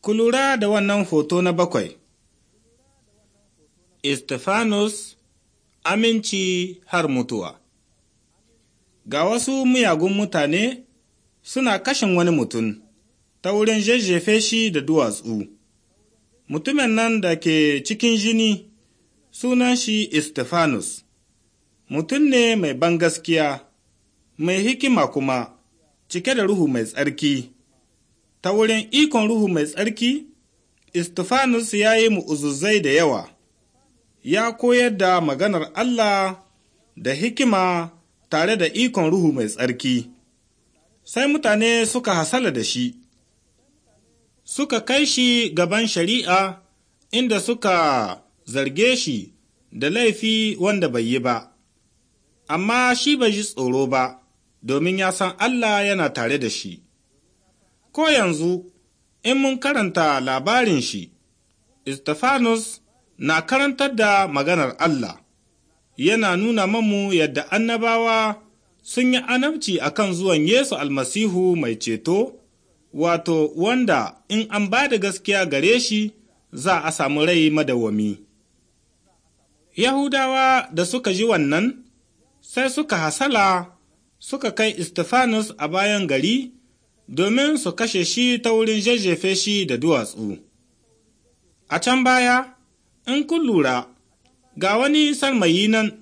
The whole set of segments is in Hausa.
Ku lura da wannan hoto na bakwai. Istifanus aminci har mutuwa Ga wasu miyagun mutane suna kashin wani mutum ta wurin jajjefe shi da duwatsu. Mutumin nan da ke cikin jini sunan shi Istifanus, mutum ne mai ban gaskiya mai hikima kuma, cike da ruhu mai tsarki. ta wurin ikon Ruhu mai tsarki, Istifanus ya yi mu'uzuzai da yawa, ya koyar da maganar Allah da hikima tare da ikon Ruhu mai tsarki. Sai mutane suka hasala da shi, suka kai shi gaban shari'a inda suka zarge shi da laifi wanda bai yi ba, amma shi bai ji tsoro ba, domin ya san Allah yana tare da shi. ko yanzu in mun karanta labarin shi, Istafanus na karantar da maganar Allah, yana nuna mamu yadda annabawa sun yi anabci a kan zuwan Yesu almasihu mai ceto, wato wanda in an ba da gaskiya gare shi za a samu rai madawami. Yahudawa da suka ji wannan, sai suka hasala suka kai Istifanus a bayan gari domin su kashe shi ta wurin jajjefe shi da duwatsu. A can baya, in kun lura, ga wani salmayi nan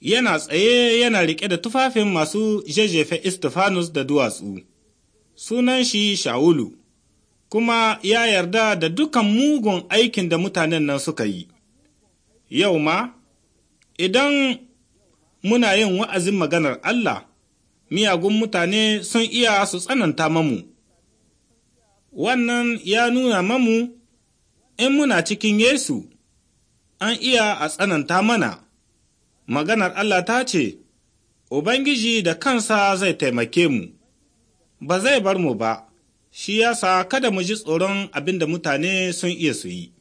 yana tsaye yana riƙe da tufafin masu jajjefe Istifanus da duwatsu. Sunan shi Shawulu, kuma ya yarda da dukan mugun aikin da mutanen nan suka yi. Yau ma, idan muna yin wa'azin maganar Allah, miyagun mutane sun iya su tsananta mamu. Wannan ya nuna mamu in muna cikin Yesu, an iya a tsananta mana. Maganar Allah ta ce, Ubangiji da kansa zai taimake mu, ba zai bar mu ba, shi yasa kada mu ji tsoron abin da mutane sun iya su yi.